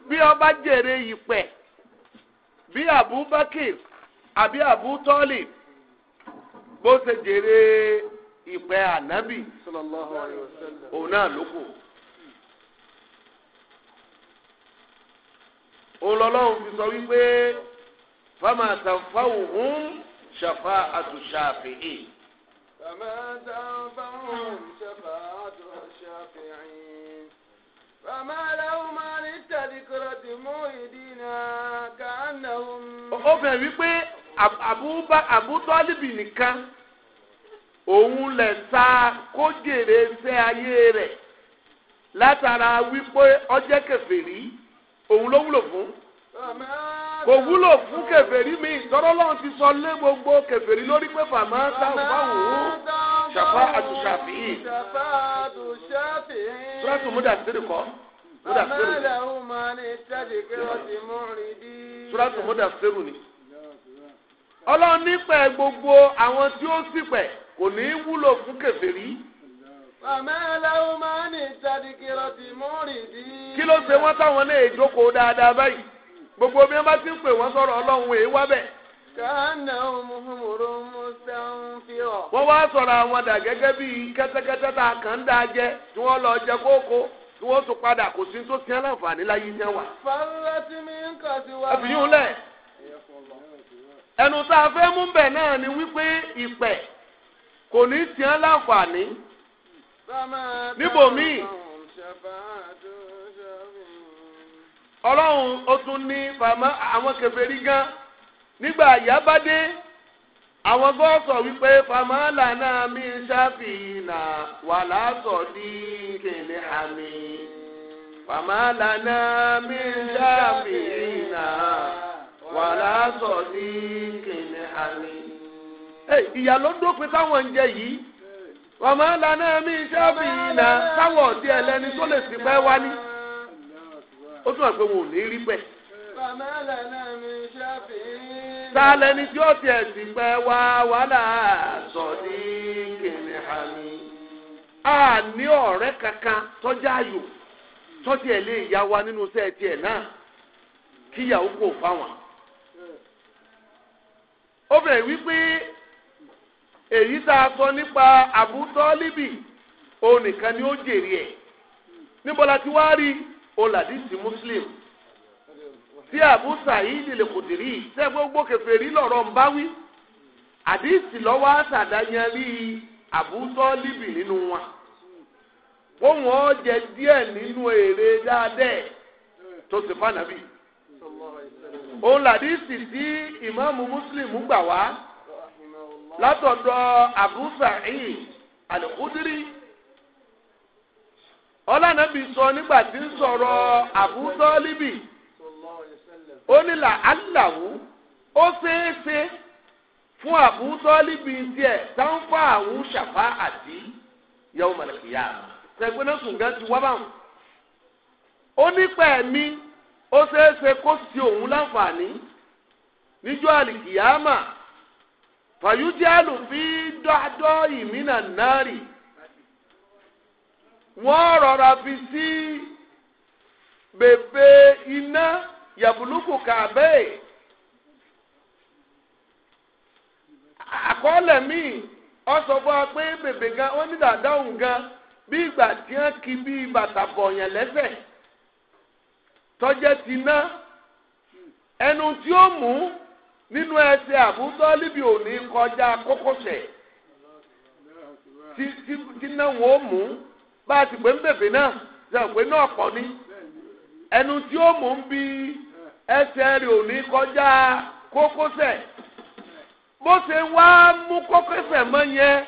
[SPEAKER 1] bi ọba jere ipẹ bi abubakar abi abutọli bo se jere ipẹ anabi òun náà lóko. olọ́lọ́run fi sọ wípé fama tanfa'uhum shafa'atu shafi'in. fama tanfa'uhum shafa'atu shafi'in. fama lahum ani tadhkirati mu'ridina ka'annahum. ó fẹ́ wípé àbúbá àbútọ́líbì nìkan òun lẹ̀ sá kó jèrè iṣẹ́ ayé rẹ̀ látara wípé ọjẹ́ kèfèrí òun ló wúlò fún kò wúlò fún kèfèrí mi tọ́rọ́ lọ́run ti sọ lé gbogbo kèfèrí lórí pé fàmà táwọn fáwọn ṣàfà àtúnṣàfì yìí tọ́lásù múdà sídìrì kọ́ múdà sídìrì tọ́lásù múdà sídìrì ni ọlọ́run nípẹ̀ gbogbo àwọn tí ó sì pẹ̀ kò ní í wúlò fún kèfèrí. Màmá làwọn máa ní ìtàdíkìrọ̀ tí mú rìndí. Kí ló ṣe wọ́n táwọn náà ìjókòó dáadáa báyìí? Gbogbo bí wọ́n bá ti ń pè wọ́n sọ̀rọ̀ Ọlọ́run èé wá bẹ̀. Kàánà òmùhùmùrù
[SPEAKER 2] Mùsàn fi hàn. Wọ́n wá sọ̀rọ̀ àwọn dà gẹ́gẹ́
[SPEAKER 1] bí kẹ́tẹ́kẹ́tẹ́ tá a kàn ń dáa jẹ tí wọ́n lọ jẹ kókó tí wọ́n tún padà kò sí tó tiẹ́ láǹfààní láyé ní ẹ̀wà. Fáwọn tí mi ń kàn sí wa. Ẹ lẹ̀. Ẹnu tá a fẹ́ mú bẹ̀ náà ni wípé ìpẹ̀ níbò míì ọlọ́run ó tún ní fàmọ́ àwọn kèfèrí gan nígbà àyà àwọn gbọ́ wípé fàmọ́ lànà mi ṣàfihàn wà lásọ̀ ní kèlè àmì fàmọ́ lànà mi ṣàfihàn wà lásọ̀ ní kèlè àmì. ìyá táwọn ń jẹ yìí. ọmọ ìlànà mi ṣáàbì iná táwọn ọ̀dí ẹlẹ́ni tó lè sì pẹ́ wá ní. ó túmọ̀ pé wọn ò ní rí bẹ́ẹ̀. ọmọ ìlànà mi ṣáàbì iná. ta lẹni tí ó tiẹ̀ sì pẹ́ wá wàhálà kìnìún àmì. a ní ọ̀rẹ́ kankan tọ́jà ayò tọ́jú ẹ̀ lè yá wa nínú iṣẹ́ tiẹ̀ náà kíyàwó kò fáwọn. ó bẹ̀rẹ̀ wípé. èyí tá a sọ nípa àbútọ́líbì òun nìkan ni ó jèrè ẹ̀ níbo la ti wá rí olàdìsí muslim tí àbú sàyíd lè kò dìrí tẹ́ gbogbo kèfèrí lọ́rọ̀ ń bá wí àdìsí lọ́wọ́ àtàdáyanrí àbútọ́líbì nínú wọn wọ́n wọ́n jẹ díẹ̀ nínú èrè dáadẹ́ tó ti fànàbì òun tí ìmáàmù muslim gbà wá látọ̀dọ̀ Abu Sa'id Al-Khudri ọlànàbì sọ nígbà tí ń sọ̀rọ̀ Abu Tọ́líbì ó ní là aláwù ó ṣeéṣe fún Abu Tọ́líbì tiẹ̀ táǹfà àwọn ṣàfà àti yawm al-qiyamah sẹ́gbẹ́ náà sùn gan ti wá báwọn. ó nípa ẹ̀mí ó ṣeéṣe kó sí òun láǹfààní níjọ́ àlìkìyàmà. fàyújálù fi dọ́dọ́ ìmínà náà rì wọ́n rọra fi sí bèbè iná yàbùlùkù kàbẹ́ àkọọ́lẹ̀ míì ọ sọ fún wa pé bèbè gan ó ní dàda òun gan bí ìgbà tí wọ́n kí bí bàtà bọ̀yàn lẹ́sẹ̀ ti ná ẹnu nínú ẹsẹ̀ àbúdọ́líbi òní kọjá kókósẹ̀ tí náà wọ́n mú bá a ti pè ń bèbè náà ṣe pé náà pọ̀ ẹnu tí ó mú bí ẹsẹ̀ rẹ̀ òní kọjá kókósẹ̀ bó ṣe wá mú kókósẹ̀ mọ́ yẹn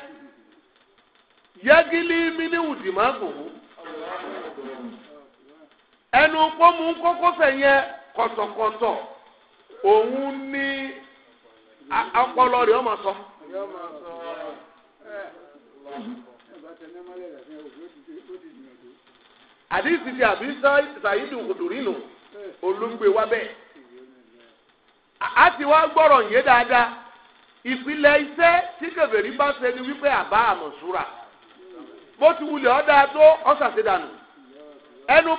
[SPEAKER 1] yagili miniwudi máa gòwó ẹnu pọ́ mú kókósẹ̀ yẹn kọ̀tọ̀kọ̀tọ̀. òun ní ọpọlọ rẹ̀ ọmọ sọ. àdìsí ti àbí wa bẹ́ẹ̀. a ti wá gbọ́rọ̀ yé dáadáa ìpìlẹ̀ iṣẹ́ tí kèfèrí bá ṣe ni wípé àbá bó ti wulẹ̀ ọ́ dáa tó ọ́ sàṣedànù ẹnu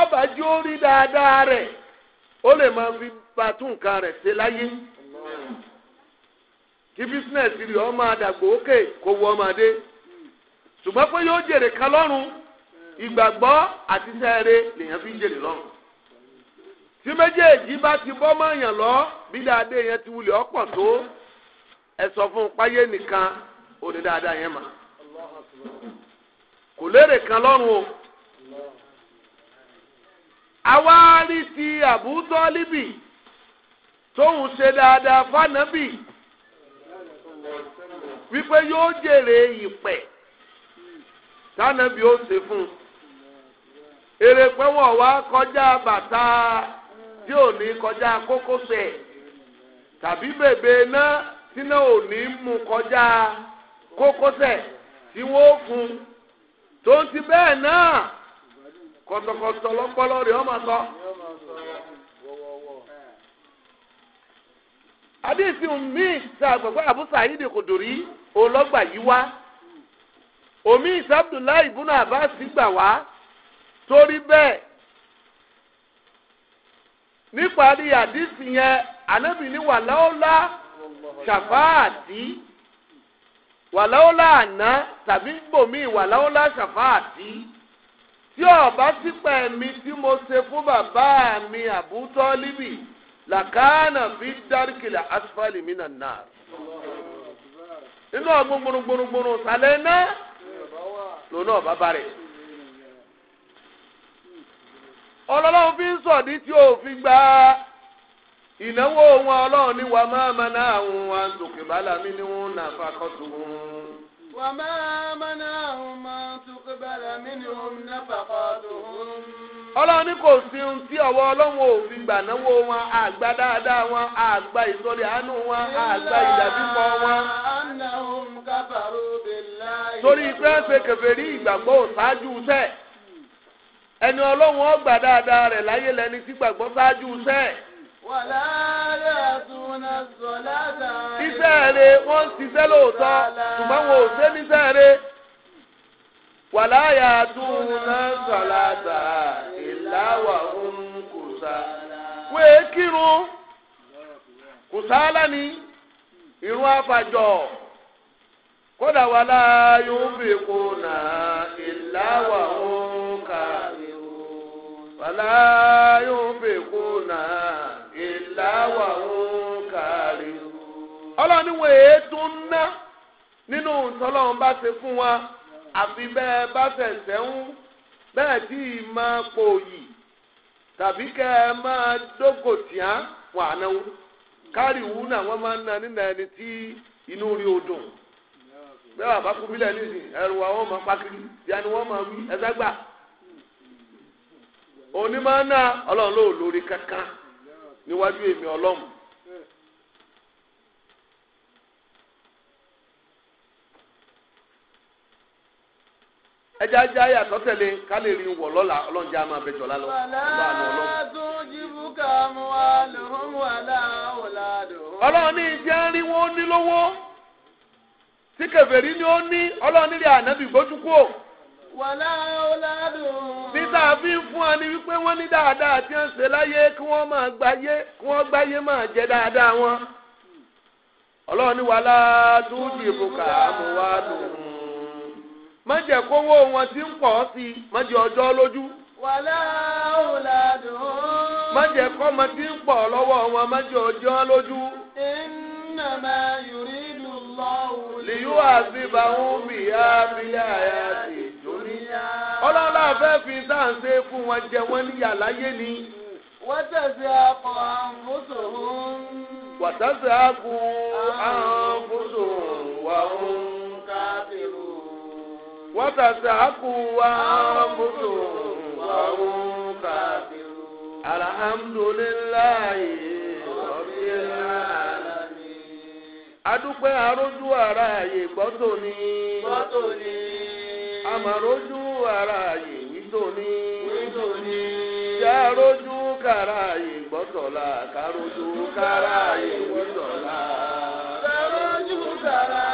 [SPEAKER 1] ọba jó rí dáadáa rẹ̀. ó lè máa fi ba tún nǹkan rẹ̀ ṣe láyé kí bísínẹ̀sì rẹ̀ ọmọ àdàgbò òkè kó wọ ọmọdé ṣùgbọ́n pé yóò jèrè kan lọ́rùn ìgbàgbọ́ àti sẹ́ẹ̀rẹ́ lèèyàn fi ń jèrè lọ́rùn tí méjèèjì bá ti bọ́ mọ̀ọ́yàn lọ bí dáadéa ti wulẹ̀ ọ̀pọ̀ tó ẹ sọ fún un páyé nìkan ó dáadáa yẹn o. àwárí ti Abu Tọ́líbì tóun ṣe dáadáa fànàbì wípé yóò jèrè ìpẹ́ tànàbì ó ṣe fún èrè pé wọ́n wá kọjá bàtà tí ò ní kọjá kókósẹ̀ tàbí bèbè náà tí náà ò ní mú kọjá kókósẹ̀ tí wọ́n fún tó ti bẹ́ẹ̀ náà. kọ̀tọ̀kọ̀tọ̀ lọ́pọ̀lọ́ rẹ̀ ọmọ sọ. àdéhìsí mi ṣe àgbàgbọ́ Abu Sa'id Khudri olọ́gbà yìí wá omi ìsàbdùláì ibùnà Abbas gbà wá torí bẹ́ẹ̀ níparí àdéhìsí yẹn ànábì ní wàláọ́lá ṣàfáàtì wàláọ́lá àná tàbí gbòmí wàláọ́lá ṣàfáàtì tí ọba ti pẹ̀ mi tí mo ṣe fún bàbá mi àbútọ́ líbì làkàánà fi dárìkìlà asfali mi nàá náà. nínú ọgbọ́n gbòrògbòrògbòrò sàlẹ̀ náà
[SPEAKER 2] lónà ọba bá rẹ̀. ọlọ́run fi
[SPEAKER 1] ń sọ̀dí tí ò fi gba ìnáwó wọn ọlọ́run ní wa máa ma náà wọn àǹtòkè bá làmínú nàfàkọ́tù wọn. وما منعهم أن تقبل منهم نفقاتهم ọlọ́run ní kò sí ohun tí ọwọ́ ọlọ́run ò fi gbà náwó wọn àgbà dáadáa wọn àgbà ìsọ̀rí àánú wọn àgbà ìdàbípọ̀ wọn. torí pẹ́ẹ́sì kèfèrí ìgbàgbọ́ ṣáájú sẹ́ẹ̀ ẹni ọlọ́run ó gbà dáadáa rẹ̀ láyé lẹ́ni tí gbàgbọ́ ṣáájú sẹ́ẹ̀
[SPEAKER 2] iṣẹ́ rẹ̀
[SPEAKER 1] wọ́n ń ṣiṣẹ́ lóòótọ́ ṣùgbọ́n wọn ò ṣe níṣẹ́ rẹ̀ wàláyà dùnà sàlàtà ìláwà òun kò sá. wéé kírun kò sáálá ni irun àfàjọ kódà wàláyà òun bèkó nà ìláwà òun kà wàláyà òun bèkó nà. ìlàwà ń kárí. ọlọ́ni ná nínú ìtọ́lọ́run bá ṣe fún wa àfi bẹ́ẹ̀ bá fẹ̀sẹ̀ ń bẹ́ẹ̀ tí ì máa pò yìí tàbí kẹ́ ẹ máa dógòtìá wà náà kárí na nínú ẹni tí inú rí o níwájú èmi ọlọ́mù. ẹjẹ ajé ayé àtọ́tẹ̀lé ká lè rí wọ̀ lọ́la ọlọ́njẹ́ a máa bẹ̀jọ̀ lálọ́. ọlọ́run ní ìjẹ́ rí wọn ó ní lówó tí kèfèrí ni ó ní ọlọ́run ànábì gbójú kúò. wàlá ọ̀làdùn. títà fi ń fún ọ ni wípé wọ́n ní dáadáa tí wọ́n ṣe láyé kí wọ́n máa gbáyé kí wọ́n gbáyé máa jẹ dáadáa wọn. ọlọ́run ní wàlá dúdì ìbùkà mo wá dùn. má jẹ́ kówó wọn ti ń pọ̀ sí i má jẹ́ ọjọ́ lójú. wàlá ọ̀làdùn. má jẹ́ kọ́mọ ti ń pọ̀ lọ́wọ́ wọn má jẹ́ ọjọ́ lójú. innama yuridu Allahu. lìyú àti bàwọn bìyà bílẹ̀ àyà sí ọlọ́run náà fẹ́ fi dáǹsẹ́ fún wọn jẹ wọ́n níyà láyé ni. wọ́n tẹ̀sí akọ àǹfóṣòhún. wọ́n tẹ̀sí akọ àǹfóṣòhún wà ń kábìrú. wọ́n tẹ̀sí akọ àǹfóṣòhún wà ń kábìrú. alhamdulilayi rabbil adúpẹ́ arójú ara ààyè gbọ́tò ni. gbọ́tò ni àmàrójú ara yìí nítorí nítorí járójú kàrá yìí gbọ́sọ̀la kárójú kàrá yìí gbọ́sọ̀la járójú kàrá.